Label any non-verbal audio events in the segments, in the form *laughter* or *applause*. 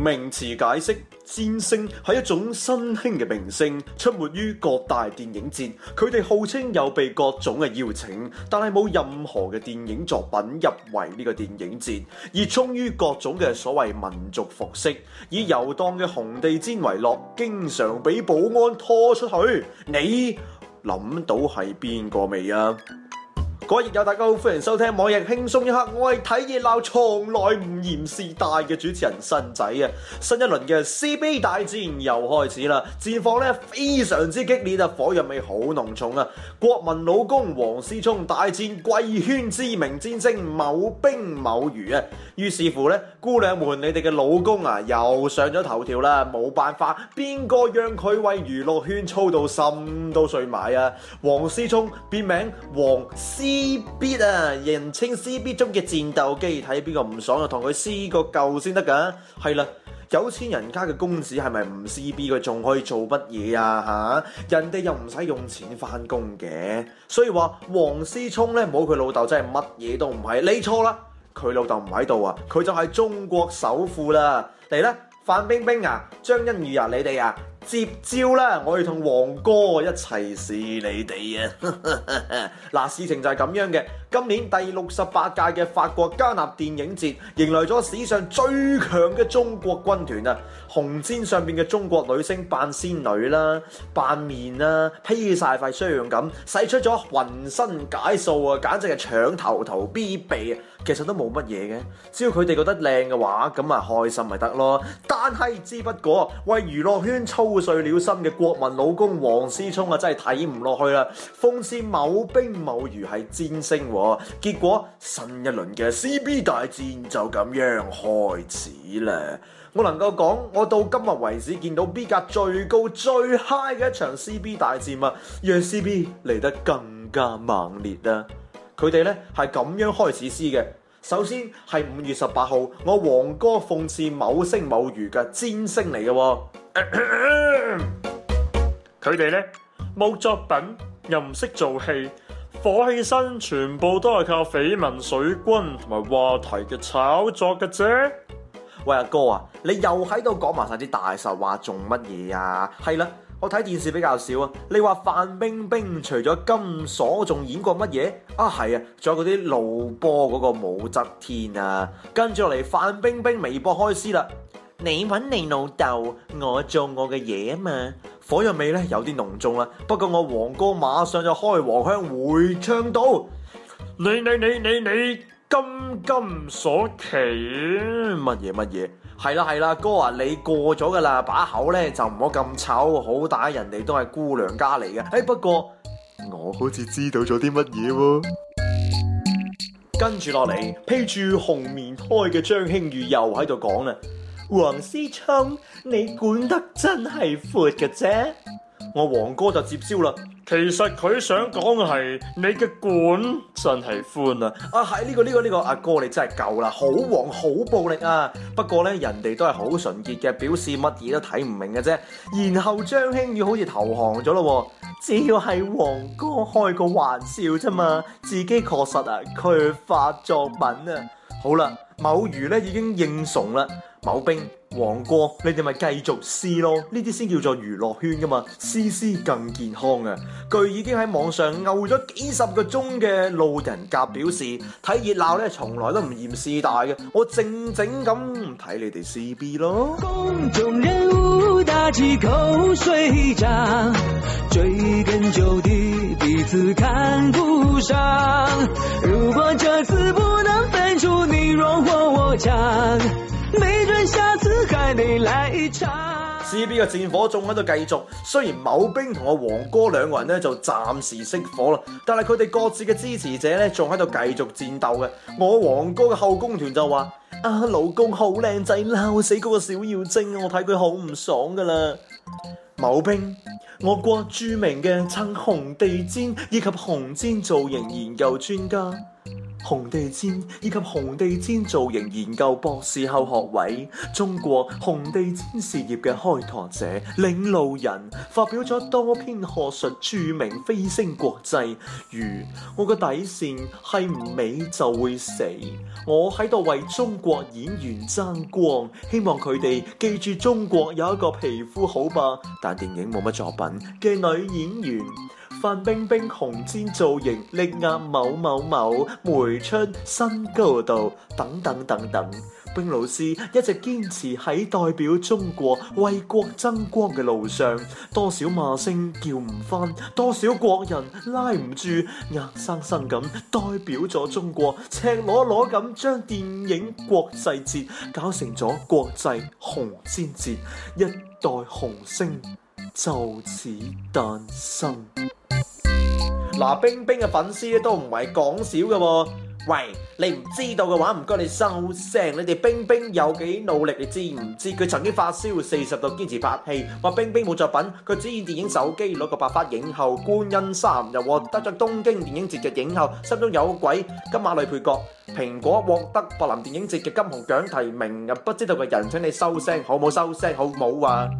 名詞解釋：毯星係一種新興嘅明星，出沒於各大電影節。佢哋號稱有被各種嘅邀請，但係冇任何嘅電影作品入圍呢個電影節。熱衷於各種嘅所謂民族服飾，以遊蕩嘅紅地氈為樂，經常俾保安拖出去。你諗到係邊個未啊？各位易友，大家好，歡迎收聽網易輕鬆一刻，我係睇熱鬧從來唔嫌事大嘅主持人新仔啊！新一輪嘅 CBA 大戰又開始啦，戰況咧非常之激烈啊，火藥味好濃重啊！國民老公王思聰大戰貴圈知名毯星某冰某予啊！於是乎呢，姑娘們，你哋嘅老公啊又上咗頭條啦，冇辦法，邊個讓佢為娛樂圈操到心都碎埋啊？王思聰變名王思。C B 啊，beat, 人稱 C B 中嘅戰鬥機，睇邊個唔爽就同佢撕個夠先得噶。係啦，有錢人家嘅公子係咪唔 C B 佢仲可以做乜嘢啊吓？人哋又唔使用,用錢翻工嘅，所以話王思聰呢冇佢老豆真係乜嘢都唔係。你錯啦，佢老豆唔喺度啊，佢就係中國首富啦。嚟啦，范冰冰啊，張馨予啊，你哋啊。接招啦！我要同王哥一齊撕你哋啊！嗱，事情就係咁樣嘅。今年第六十八屆嘅法國戛納電影節，迎來咗史上最強嘅中國軍團啊！紅毯上面嘅中國女星扮仙女啦，扮面啊披晒塊霜咁，使出咗渾身解數啊，簡直係搶頭頭必備啊！其實都冇乜嘢嘅，只要佢哋覺得靚嘅話，咁啊開心咪得咯。但係之不過為娛樂圈操碎了心嘅國民老公王思聰啊，真係睇唔落去啦！奉勸某冰某予係毯星。結果新一輪嘅 C B 大戰就咁樣開始啦！我能夠講，我到今日為止見到 B 格最高最 high 嘅一場 C B 大戰啊，讓 C B 嚟得更加猛烈啊，佢哋咧係咁樣開始撕嘅。首先係五月十八號，我王哥諷刺某冰某予嘅毯星嚟嘅，佢哋咧冇作品又唔識做戲。火起身，全部都係靠緋聞水軍同埋話題嘅炒作嘅啫。喂，阿哥啊，你又喺度講埋晒啲大實話，做乜嘢啊？係啦，我睇電視比較少啊。你話范冰冰除咗金鎖，仲演過乜嘢？啊係啊，仲有嗰啲露波嗰個武則天啊。跟住落嚟，范冰冰微博開撕啦。你揾你老豆，我做我嘅嘢啊嘛！火藥味咧有啲濃重啦，不過我王哥馬上就開黃腔回嗆到：你你你你你金金所期，乜嘢乜嘢？係啦係啦，哥啊，你過咗噶啦，把口咧就唔好咁醜，好歹人哋都係姑娘家嚟嘅。哎，不過我好似知道咗啲乜嘢喎？跟住落嚟，披住紅棉胎嘅張馨予又喺度講啦。王思聰，你管得真係闊嘅啫！我王哥就接招啦。其實佢想講嘅係你嘅管真係寬啊！啊，係呢個呢個呢個阿哥你真係夠啦，好黃好暴力啊！不過呢，人哋都係好純潔嘅，表示乜嘢都睇唔明嘅啫。然後張馨予好似投降咗咯，只要係王哥開個玩笑啫嘛，自己確實啊，佢發作品啊。好啦，某魚呢已經認慫啦。某冰、王哥，你哋咪繼續撕咯，呢啲先叫做娛樂圈噶嘛，撕撕更健康啊！據已經喺網上毆咗幾十個鐘嘅路人甲表示，睇熱鬧咧從來都唔嫌事大嘅，我靜靜咁睇你哋撕逼咯。公眾人物打 C B 嘅戰火仲喺度繼續，雖然某兵同我王哥兩個人咧就暫時熄火啦，但係佢哋各自嘅支持者咧仲喺度繼續戰鬥嘅。我王哥嘅後宮團就話、啊：啊，老公好靚仔，鬧死嗰個小妖精，我睇佢好唔爽噶啦。某兵，我國著名嘅撐紅地氈以及紅氈造型研究專家。紅地氈以及紅地氈造型研究博士後學位，中國紅地氈事業嘅開拓者、領路人，發表咗多篇學術著名，蜚聲國際。如我個底線係唔美就會死，我喺度為中國演員爭光，希望佢哋記住中國有一個皮膚好吧，但電影冇乜作品嘅女演員。范冰冰紅毯造型力壓某某某，美出新高度，等等等等。冰老師一直堅持喺代表中國為國爭光嘅路上，多少罵聲叫唔返，多少國人拉唔住，硬生生咁代表咗中國，赤裸裸咁將電影國際節搞成咗國際紅毯節，一代紅星就此誕生。嗱、啊，冰冰嘅粉絲咧都唔係講少嘅喎。喂，你唔知道嘅話唔該你收聲。你哋冰冰有幾努力，你知唔知？佢曾經發燒四十度堅持拍戲。話冰冰冇作品，佢只演電影手機《手機》攞個百花影后，觀音三又獲得咗東京電影節嘅影后。心中有鬼，金馬女配角，蘋果獲得柏林電影節金熊獎提名。又不知道嘅人，請你收聲，好冇收聲，好冇啊！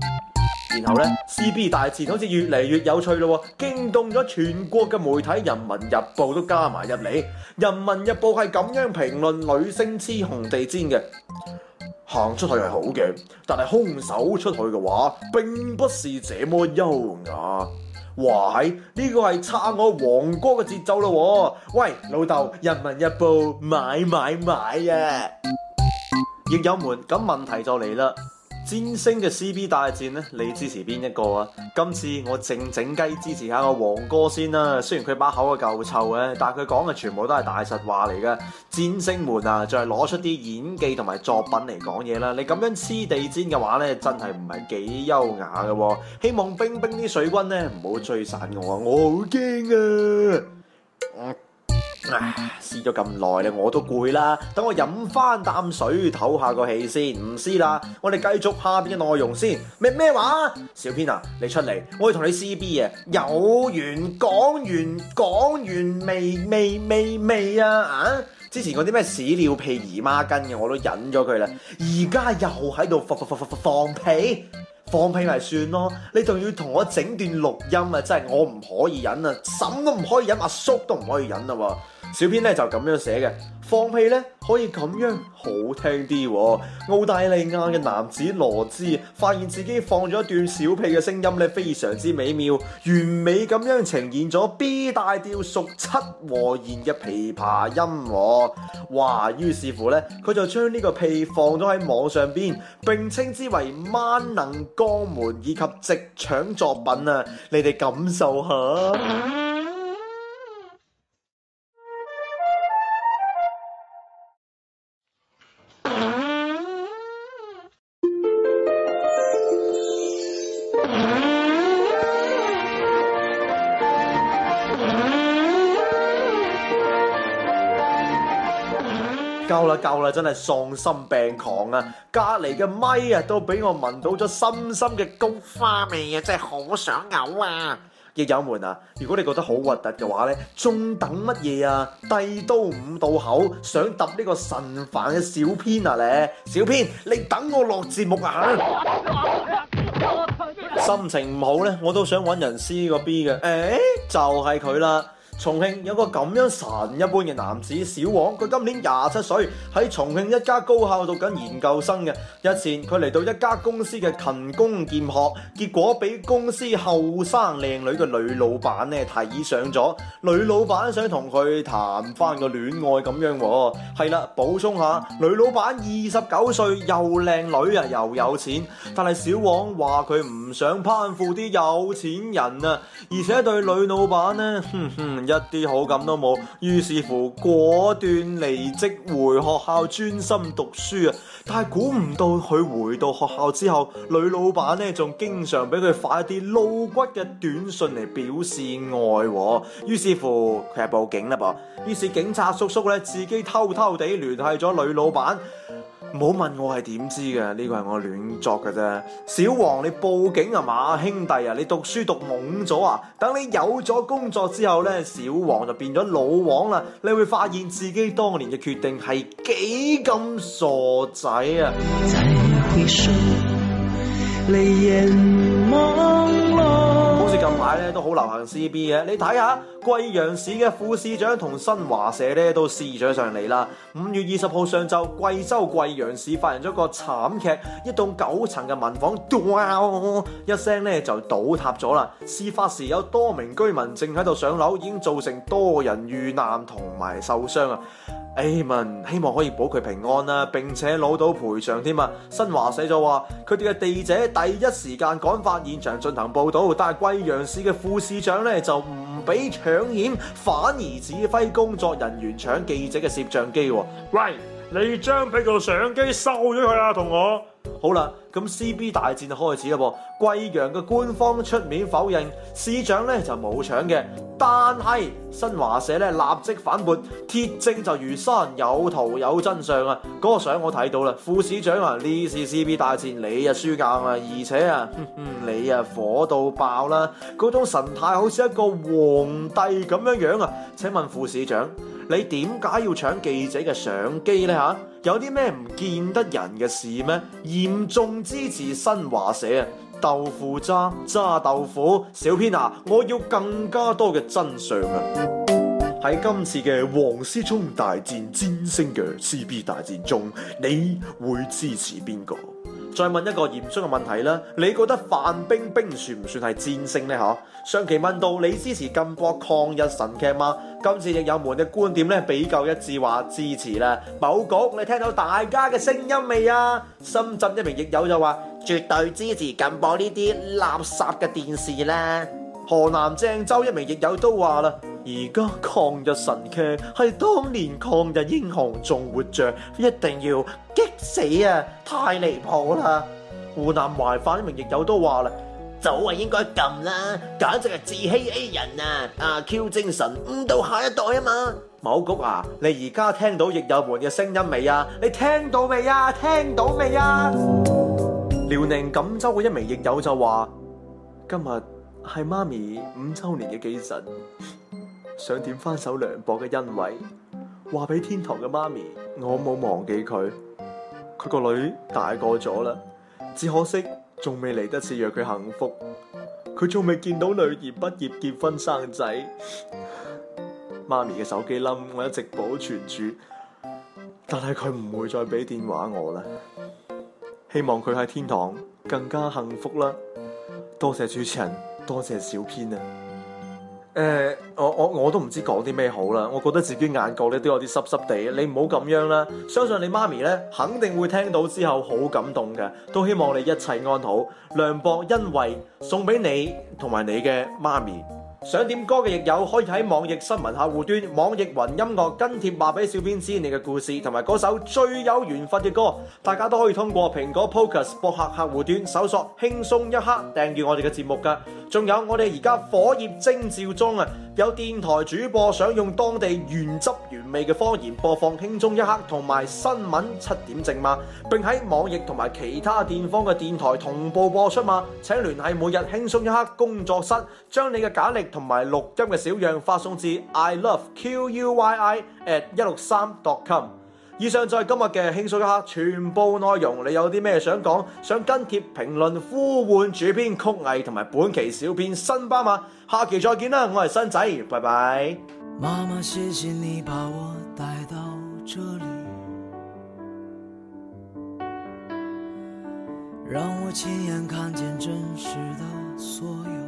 然後咧，C B 大戰好似越嚟越有趣咯，驚動咗全國嘅媒體，《人民日報》都加埋入嚟，《人民日報》係咁樣評論女星雌雄地氈嘅：行出去係好嘅，但係空手出去嘅話，並不是這麼優雅、啊。哇！喺、這、呢個係差我王哥嘅節奏咯。喂，老豆，《人民日報》買買買呀、啊！業友們，咁問題就嚟啦。毯星嘅 C B 大戰咧，你支持邊一個啊？今次我靜靜雞支持下我黃哥先啦。雖然佢把口嘅夠臭嘅，但係佢講嘅全部都係大實話嚟噶。毯星們啊，就係攞出啲演技同埋作品嚟講嘢啦。你咁樣黐地氈嘅話呢，真係唔係幾優雅嘅。希望冰冰啲水軍呢，唔好追殺我，我啊，我好驚啊！唉，撕咗咁耐咧，我都攰啦。等我飲翻啖水，唞下個氣先。唔撕啦，我哋繼續下邊嘅內容先。咩咩話？小編啊，你出嚟，我要同你撕 B 啊！有完講完講完未未未未啊！啊！之前嗰啲咩屎尿屁姨媽巾嘅，我都忍咗佢啦。而家又喺度放放放放放屁。放屁咪算咯，你仲要同我整段錄音啊！真係我唔可以忍啊，嬸都唔可以忍，阿叔都唔可以忍啦。小編呢就咁樣寫嘅。放屁呢，可以咁樣好聽啲，澳大利亞嘅男子羅茲發現自己放咗一段小屁嘅聲音呢，非常之美妙，完美咁樣呈現咗 B 大調屬七和弦嘅琵琶音。哇！於是乎呢，佢就將呢個屁放咗喺網上邊，並稱之為“萬能肛門”以及直腸作品啊！你哋感受下。夠啦夠啦，真係喪心病狂啊！隔籬嘅咪啊，都俾我聞到咗深深嘅菊花味啊！真係好想嘔啊！益友們啊，如果你覺得好核突嘅話咧，仲等乜嘢啊？帝都五道口想揼呢個神煩嘅小編啊咧，小編你等我落節目啊！啊啊啊啊心情唔好咧，我都想搵人 C 個 B 嘅，誒、欸、就係佢啦。重慶有個咁樣神一般嘅男子小王，佢今年廿七歲，喺重慶一家高校讀緊研究生嘅。日前佢嚟到一家公司嘅勤工儉學，結果俾公司後生靚女嘅女老闆呢睇上咗，女老闆想同佢談翻個戀愛咁樣。係啦，補充下，女老闆二十九歲，又靚女啊，又有錢。但係小王話佢唔想攀附啲有錢人啊，而且對女老闆呢，哼哼。一啲好感都冇，於是乎果斷離職回學校專心讀書啊！但係估唔到佢回到學校之後，女老闆呢，仲經常俾佢發一啲露骨嘅短信嚟表示愛，於是乎佢係報警啦噃。於是警察叔叔咧，自己偷偷地聯繫咗女老闆。唔好問我係點知嘅，呢個係我亂作嘅啫。小王，你報警吖嘛，兄弟啊？你讀書讀懵咗啊！等你有咗工作之後呢，小王就變咗老王啦。你會發現自己當年嘅決定係幾咁傻仔啊！ *noise* 同埋咧都好流行 CB 嘅，你睇下貴陽市嘅副市長同新華社咧都撕咗上嚟啦。五月二十號上晝，貴州貴陽市發生咗一個慘劇，一棟九層嘅民房，呃、一聲咧就倒塌咗啦。事發時有多名居民正喺度上樓，已經造成多人遇難同埋受傷啊。市民希望可以保佢平安啦，並且攞到賠償添啊！新華社就話，佢哋嘅記者第一時間趕發現場進行報道，但係貴陽市嘅副市長咧就唔俾搶險，反而指揮工作人員搶記者嘅攝像機。喂，你將嗰部相機收咗佢啊，同我。好啦，咁 C B 大戰就開始啦噃！貴陽嘅官方出面否認，市長咧就冇搶嘅，但係新華社咧立即反駁，鐵證就如山，有圖有真相啊！嗰個相我睇到啦，副市長啊，呢次 C B 大戰你啊輸硬啊，而且啊，呵呵你啊火到爆啦，嗰種神態好似一個皇帝咁樣樣啊！請問副市長，你點解要搶記者嘅相機呢？嚇？有啲咩唔見得人嘅事咩？嚴重支持新華社豆腐渣渣豆腐，小編啊！我要更加多嘅真相啊！喺今次嘅王思聰大戰毯星嘅 C B 大戰中，你會支持邊個？再問一個嚴肅嘅問題啦，你覺得范冰冰算唔算係毯星呢？嚇、啊，上期問到你支持禁播抗日神劇嗎？今次亦友們嘅觀點咧比較一致，話支持啦。某局，你聽到大家嘅聲音未啊？深圳一名亦友就話絕對支持禁播呢啲垃圾嘅電視咧。河南鄭州一名亦友都話啦。而家抗日神劇係當年抗日英雄仲活着，一定要激死啊！太離譜啦！湖南懷化呢名亦友都話啦，早係應該禁啦，簡直係自欺欺人啊！阿、啊、Q 精神誤導下一代啊嘛！某局啊，你而家聽到亦友們嘅聲音未啊？你聽到未啊？聽到未啊？遼寧錦州嘅一名亦友就話：今日係媽咪五周年嘅忌辰。想點翻首梁博嘅恩慰，話俾天堂嘅媽咪，我冇忘記佢。佢個女大個咗啦，只可惜仲未嚟得切讓佢幸福。佢仲未見到女兒畢業結婚生仔。媽 *laughs* 咪嘅手機冧，我一直保存住，但係佢唔會再俾電話我啦。希望佢喺天堂更加幸福啦。多謝主持人，多謝小編啊！誒、呃，我我我都唔知講啲咩好啦，我覺得自己眼角咧都有啲濕濕地，你唔好咁樣啦，相信你媽咪咧肯定會聽到之後好感動嘅，都希望你一切安好，梁博欣慰，送俾你同埋你嘅媽咪。想點歌嘅亦有可以喺網易新聞客戶端、網易雲音樂跟帖話俾小編知你嘅故事同埋嗰首最有緣分嘅歌，大家都可以通過蘋果 Pocus 博客客戶端搜索輕鬆一刻訂閱我哋嘅節目噶。仲有我哋而家火熱徵召中啊，有電台主播想用當地原汁原味嘅方言播放輕鬆一刻同埋新聞七點正嗎？並喺網易同埋其他地方嘅電台同步播出嗎？請聯繫每日輕鬆一刻工作室，將你嘅簡歷。同埋錄音嘅小樣發送至 i love q u y i at 一六三 dot com。以上就係今日嘅輕鬆一刻，全部內容。你有啲咩想講，想跟帖評論，呼喚主編曲藝同埋本期小編新巴嘛？下期再見啦，我係新仔，拜拜。媽媽謝謝你，把我帶到這裏讓我親眼看見真實的所有。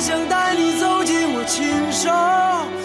我想帶你走進我親手。